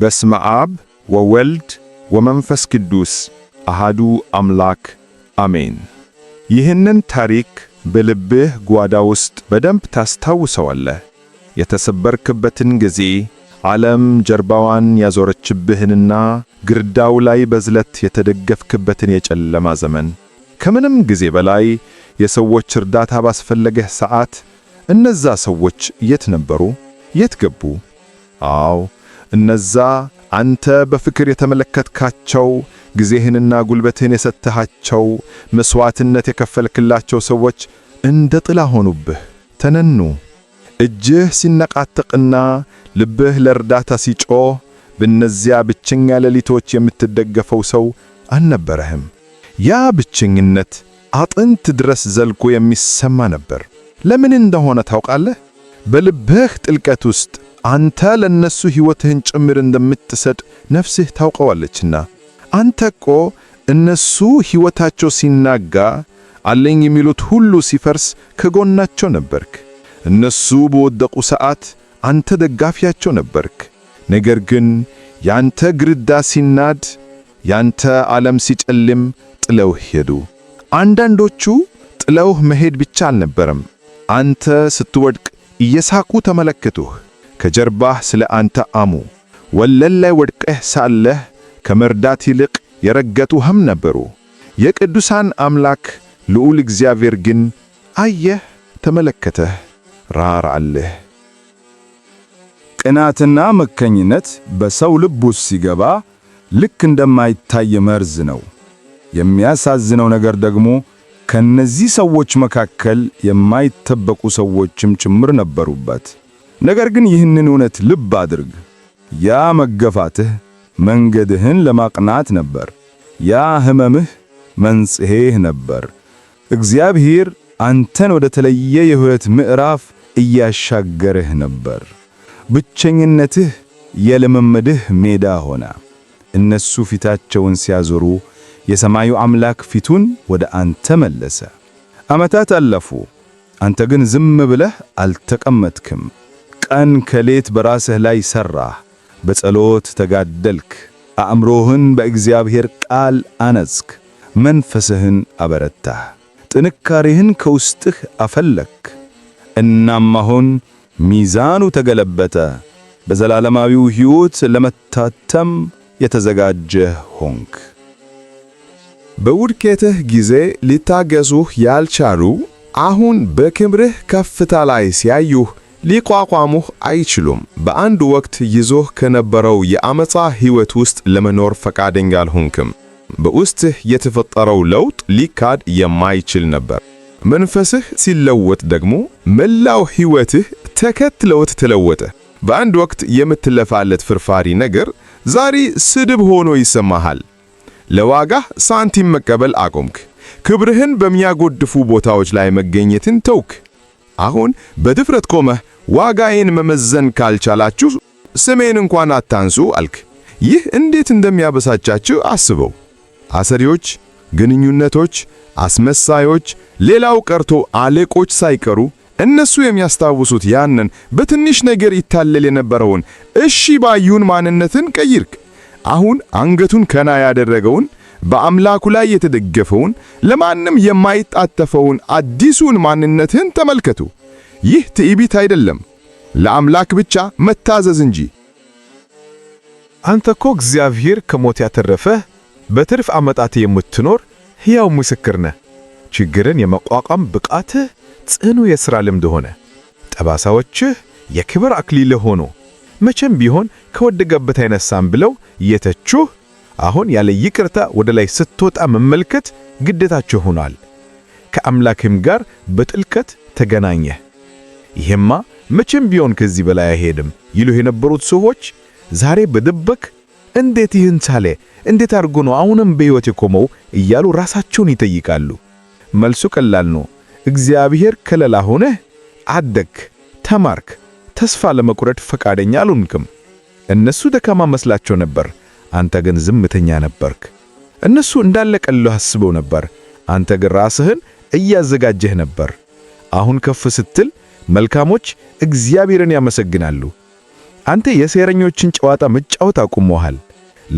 በስመ አብ ወወልድ ወመንፈስ ቅዱስ አሃዱ አምላክ አሜን። ይህንን ታሪክ በልብህ ጓዳ ውስጥ በደንብ ታስታውሰዋለህ። የተሰበርክበትን ጊዜ ዓለም ጀርባዋን ያዞረችብህንና ግርዳው ላይ በዝለት የተደገፍክበትን የጨለማ ዘመን ከምንም ጊዜ በላይ የሰዎች እርዳታ ባስፈለገህ ሰዓት እነዛ ሰዎች የት ነበሩ? የት ገቡ? አዎ እነዛ አንተ በፍቅር የተመለከትካቸው ጊዜህንና ጉልበትህን የሰተሃቸው መሥዋዕትነት የከፈልክላቸው ሰዎች እንደ ጥላ ሆኑብህ፣ ተነኑ። እጅህ ሲነቃጥቅና ልብህ ለእርዳታ ሲጮህ በእነዚያ ብቸኛ ሌሊቶች የምትደገፈው ሰው አልነበረህም። ያ ብቸኝነት አጥንት ድረስ ዘልቆ የሚሰማ ነበር። ለምን እንደሆነ ታውቃለህ? በልብህ ጥልቀት ውስጥ አንተ ለነሱ ሕይወትህን ጭምር እንደምትሰጥ ነፍስህ ታውቀዋለችና። አንተ እኮ እነሱ ሕይወታቸው ሲናጋ፣ አለኝ የሚሉት ሁሉ ሲፈርስ ከጎናቸው ነበርክ። እነሱ በወደቁ ሰዓት አንተ ደጋፊያቸው ነበርክ። ነገር ግን ያንተ ግርዳ ሲናድ፣ ያንተ ዓለም ሲጨልም ጥለውህ ሄዱ። አንዳንዶቹ ጥለውህ መሄድ ብቻ አልነበረም፣ አንተ ስትወድቅ እየሳቁ ተመለከቱህ። ከጀርባህ ስለ አንተ አሙ። ወለል ላይ ወድቀህ ሳለህ ከመርዳት ይልቅ የረገጡህም ነበሩ። የቅዱሳን አምላክ ልዑል እግዚአብሔር ግን አየህ፣ ተመለከተህ፣ ራራልህ። ቅናትና መከኝነት በሰው ልብ ውስጥ ሲገባ ልክ እንደማይታይ መርዝ ነው። የሚያሳዝነው ነገር ደግሞ ከነዚህ ሰዎች መካከል የማይጠበቁ ሰዎችም ጭምር ነበሩበት። ነገር ግን ይህንን እውነት ልብ አድርግ። ያ መገፋትህ መንገድህን ለማቅናት ነበር። ያ ህመምህ መንጽሔህ ነበር። እግዚአብሔር አንተን ወደ ተለየ የሕይወት ምዕራፍ እያሻገርህ ነበር። ብቸኝነትህ የልምምድህ ሜዳ ሆነ። እነሱ ፊታቸውን ሲያዞሩ የሰማዩ አምላክ ፊቱን ወደ አንተ መለሰ። ዓመታት አለፉ። አንተ ግን ዝም ብለህ አልተቀመጥክም። ቀን ከሌት በራስህ ላይ ሠራህ፣ በጸሎት ተጋደልክ፣ አእምሮህን በእግዚአብሔር ቃል አነጽክ፣ መንፈስህን አበረታህ፣ ጥንካሬህን ከውስጥህ አፈለክ። እናም አሁን ሚዛኑ ተገለበጠ። በዘላለማዊው ሕይወት ለመታተም የተዘጋጀህ ሆንክ። በውድቀትህ ጊዜ ሊታገሱህ ያልቻሉ አሁን በክብርህ ከፍታ ላይ ሲያዩህ ሊቋቋሙህ አይችሉም። በአንድ ወቅት ይዞህ ከነበረው የአመፃ ሕይወት ውስጥ ለመኖር ፈቃደኛ አልሆንክም። በውስጥህ የተፈጠረው ለውጥ ሊካድ የማይችል ነበር። መንፈስህ ሲለወጥ ደግሞ መላው ሕይወትህ ተከትለውት ተለወጠ። በአንድ ወቅት የምትለፋለት ፍርፋሪ ነገር ዛሬ ስድብ ሆኖ ይሰማሃል። ለዋጋህ ሳንቲም መቀበል አቆምክ። ክብርህን በሚያጎድፉ ቦታዎች ላይ መገኘትን ተውክ። አሁን በድፍረት ቆመህ ዋጋዬን መመዘን ካልቻላችሁ ስሜን እንኳን አታንሱ አልክ። ይህ እንዴት እንደሚያበሳጫችሁ አስበው። አሰሪዎች፣ ግንኙነቶች፣ አስመሳዮች፣ ሌላው ቀርቶ አለቆች ሳይቀሩ እነሱ የሚያስታውሱት ያንን በትንሽ ነገር ይታለል የነበረውን እሺ ባዩን ማንነትን ቀይርክ። አሁን አንገቱን ከና ያደረገውን በአምላኩ ላይ የተደገፈውን ለማንም የማይጣተፈውን አዲሱን ማንነትን ተመልከቱ። ይህ ትዕቢት አይደለም፣ ለአምላክ ብቻ መታዘዝ እንጂ። አንተ እኮ እግዚአብሔር ከሞት ያተረፈህ በትርፍ ዓመታት የምትኖር ሕያው ምስክር ነህ። ችግርን የመቋቋም ብቃትህ ጽኑ የሥራ ልምድ ሆነ። ጠባሳዎችህ የክብር አክሊል ሆኖ መቼም ቢሆን ከወደገበት አይነሳም ብለው የተቹህ አሁን ያለ ይቅርታ ወደ ላይ ስትወጣ መመልከት ግዴታችሁ ሆኗል። ከአምላክም ጋር በጥልቀት ተገናኘህ። ይሄማ መቼም ቢሆን ከዚህ በላይ አይሄድም ይሉ የነበሩት ሰዎች ዛሬ በድብቅ እንዴት ይህን ቻለ? እንዴት አድርጎ ነው አሁንም በሕይወት የቆመው? እያሉ ራሳቸውን ይጠይቃሉ። መልሱ ቀላል ነው። እግዚአብሔር ከለላ ሆነህ አደግክ፣ ተማርክ፣ ተስፋ ለመቁረጥ ፈቃደኛ አልሆንክም። እነሱ ደካማ መስላቸው ነበር፣ አንተ ግን ዝምተኛ ነበርክ። እነሱ እንዳለቀልህ አስበው ነበር፣ አንተ ግን ራስህን እያዘጋጀህ ነበር። አሁን ከፍ ስትል መልካሞች እግዚአብሔርን ያመሰግናሉ። አንተ የሴረኞችን ጨዋታ መጫወት አቁመሃል።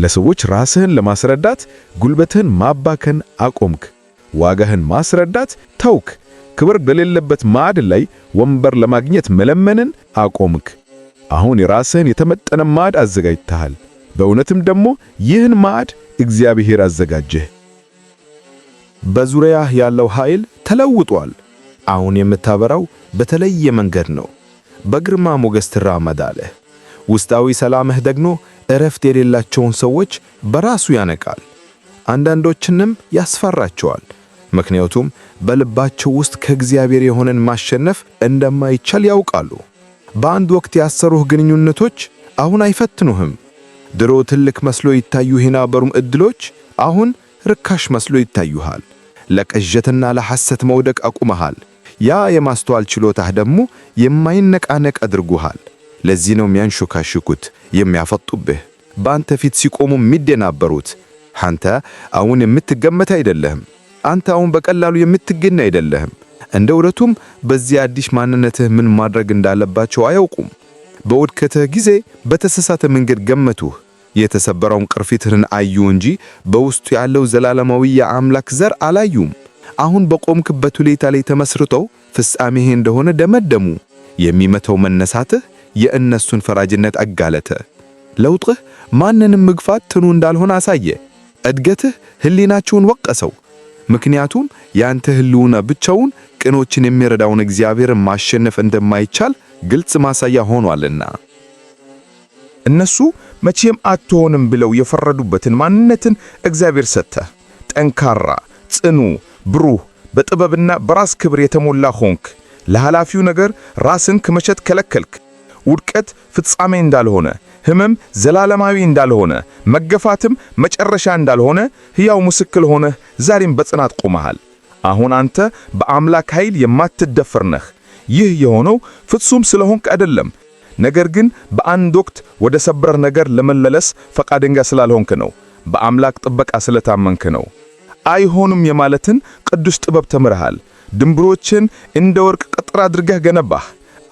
ለሰዎች ራስህን ለማስረዳት ጉልበትህን ማባከን አቆምክ። ዋጋህን ማስረዳት ተውክ። ክብር በሌለበት ማዕድ ላይ ወንበር ለማግኘት መለመንን አቆምክ። አሁን የራስህን የተመጠነ ማዕድ አዘጋጅተሃል። በእውነትም ደግሞ ይህን ማዕድ እግዚአብሔር አዘጋጀህ። በዙሪያህ ያለው ኃይል ተለውጧል። አሁን የምታበራው በተለየ መንገድ ነው። በግርማ ሞገስ ትራመዳለህ። ውስጣዊ ሰላምህ ደግሞ እረፍት የሌላቸውን ሰዎች በራሱ ያነቃል፣ አንዳንዶችንም ያስፈራቸዋል። ምክንያቱም በልባቸው ውስጥ ከእግዚአብሔር የሆነን ማሸነፍ እንደማይቻል ያውቃሉ። በአንድ ወቅት ያሰሩህ ግንኙነቶች አሁን አይፈትኑህም። ድሮ ትልቅ መስሎ ይታዩህ የነበሩም ዕድሎች አሁን ርካሽ መስሎ ይታዩሃል። ለቅዠትና ለሐሰት መውደቅ አቁመሃል። ያ የማስተዋል ችሎታህ ደግሞ የማይነቃነቅ አድርጎሃል። ለዚህ ነው የሚያንሾካሽኩት የሚያፈጡብህ፣ በአንተ ፊት ሲቆሙ የሚደናበሩት። አንተ አሁን የምትገመት አይደለህም። አንተ አሁን በቀላሉ የምትገኝ አይደለህም። እንደ እውነቱም በዚህ አዲስ ማንነትህ ምን ማድረግ እንዳለባቸው አያውቁም። በውድቀትህ ጊዜ በተሳሳተ መንገድ ገመቱህ። የተሰበረውን ቅርፊትህን አዩ እንጂ በውስጡ ያለው ዘላለማዊ የአምላክ ዘር አላዩም። አሁን በቆምክበት ሁኔታ ላይ ተመስርተው ፍጻሜህ እንደሆነ ደመደሙ። የሚመተው መነሳትህ የእነሱን ፈራጅነት አጋለተ። ለውጥህ ማንንም ምግፋት ትኑ እንዳልሆነ አሳየ። እድገትህ ህሊናችሁን ወቀሰው። ምክንያቱም ያንተ ህልውና ብቻውን ቅኖችን የሚረዳውን እግዚአብሔርን ማሸነፍ እንደማይቻል ግልጽ ማሳያ ሆኗልና። እነሱ መቼም አትሆንም ብለው የፈረዱበትን ማንነትን እግዚአብሔር ሰጠህ። ጠንካራ፣ ጽኑ ብሩህ፣ በጥበብና በራስ ክብር የተሞላ ሆንክ። ለኃላፊው ነገር ራስን ከመሸጥ ከለከልክ። ውድቀት ፍጻሜ እንዳልሆነ፣ ህመም ዘላለማዊ እንዳልሆነ፣ መገፋትም መጨረሻ እንዳልሆነ ሕያው ምስክር ሆነህ ዛሬም በጽናት ቆመሃል። አሁን አንተ በአምላክ ኃይል የማትደፈር ነህ። ይህ የሆነው ፍጹም ስለሆንክ አይደለም፣ ነገር ግን በአንድ ወቅት ወደ ሰበረ ነገር ለመለለስ ፈቃደኛ ስላልሆንክ ነው። በአምላክ ጥበቃ ስለታመንክ ነው። አይሆኑም የማለትን ቅዱስ ጥበብ ተምረሃል። ድንብሮችን እንደ ወርቅ ቅጥር አድርገህ ገነባህ።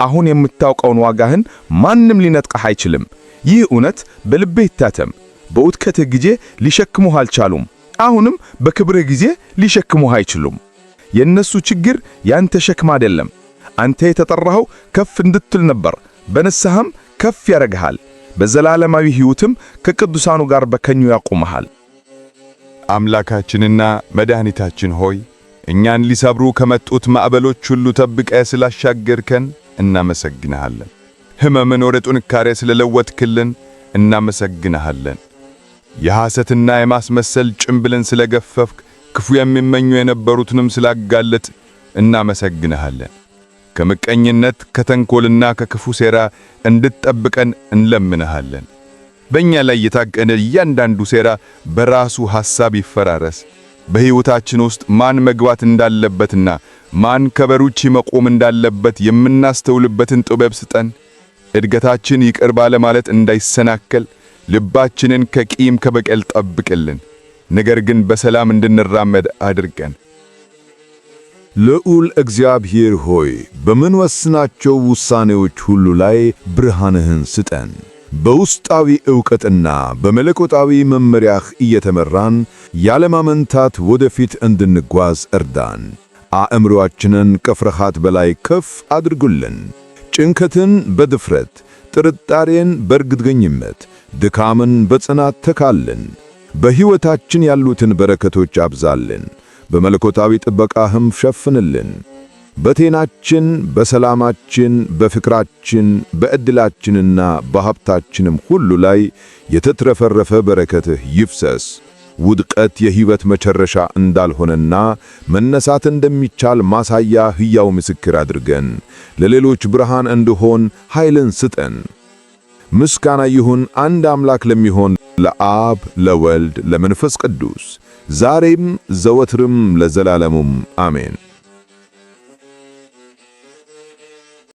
አሁን የምታውቀውን ዋጋህን ማንም ሊነጥቀህ አይችልም። ይህ እውነት በልቤ ይታተም። በውድቀትህ ጊዜ ሊሸክሙህ አልቻሉም፣ አሁንም በክብርህ ጊዜ ሊሸክሙህ አይችሉም። የእነሱ ችግር ያንተ ሸክም አይደለም። አንተ የተጠራኸው ከፍ እንድትል ነበር። በንስሐም ከፍ ያደርግሃል። በዘላለማዊ ሕይወትም ከቅዱሳኑ ጋር በከኙ ያቆመሃል። አምላካችንና መድኃኒታችን ሆይ እኛን ሊሰብሩ ከመጡት ማዕበሎች ሁሉ ጠብቀ ስላሻገርከን እናመሰግንሃለን። ሕመምን ወደ ጥንካሬ ስለለወጥክልን እናመሰግንሃለን። የሐሰትና የማስመሰል ጭምብልን ስለገፈፍክ ክፉ የሚመኙ የነበሩትንም ስላጋለጥ እናመሰግንሃለን። ከምቀኝነት ከተንኮልና ከክፉ ሴራ እንድትጠብቀን እንለምንሃለን። በእኛ ላይ የታቀነ እያንዳንዱ ሴራ በራሱ ሐሳብ ይፈራረስ። በሕይወታችን ውስጥ ማን መግባት እንዳለበትና ማን ከበሩቺ መቆም እንዳለበት የምናስተውልበትን ጥበብ ስጠን። እድገታችን ይቅር ባለ ማለት እንዳይሰናከል፣ ልባችንን ከቂም ከበቀል ጠብቅልን። ነገር ግን በሰላም እንድንራመድ አድርገን። ልዑል እግዚአብሔር ሆይ በምንወስናቸው ውሳኔዎች ሁሉ ላይ ብርሃንህን ስጠን። በውስጣዊ ዕውቀትና በመለኮታዊ መመሪያህ እየተመራን ያለማመንታት ወደፊት እንድንጓዝ እርዳን። አእምሮአችንን ከፍርሃት በላይ ከፍ አድርጉልን። ጭንቀትን በድፍረት ጥርጣሬን በእርግጠኝነት ድካምን በጽናት ተካልን። በሕይወታችን ያሉትን በረከቶች አብዛልን፣ በመለኮታዊ ጥበቃህም ሸፍንልን። በጤናችን፣ በሰላማችን፣ በፍቅራችን፣ በዕድላችንና በሀብታችንም ሁሉ ላይ የተትረፈረፈ በረከትህ ይፍሰስ። ውድቀት የሕይወት መጨረሻ እንዳልሆነና መነሳት እንደሚቻል ማሳያ ሕያው ምስክር አድርገን፣ ለሌሎች ብርሃን እንድሆን ኃይልን ስጠን። ምስጋና ይሁን አንድ አምላክ ለሚሆን ለአብ ለወልድ ለመንፈስ ቅዱስ ዛሬም ዘወትርም ለዘላለሙም አሜን።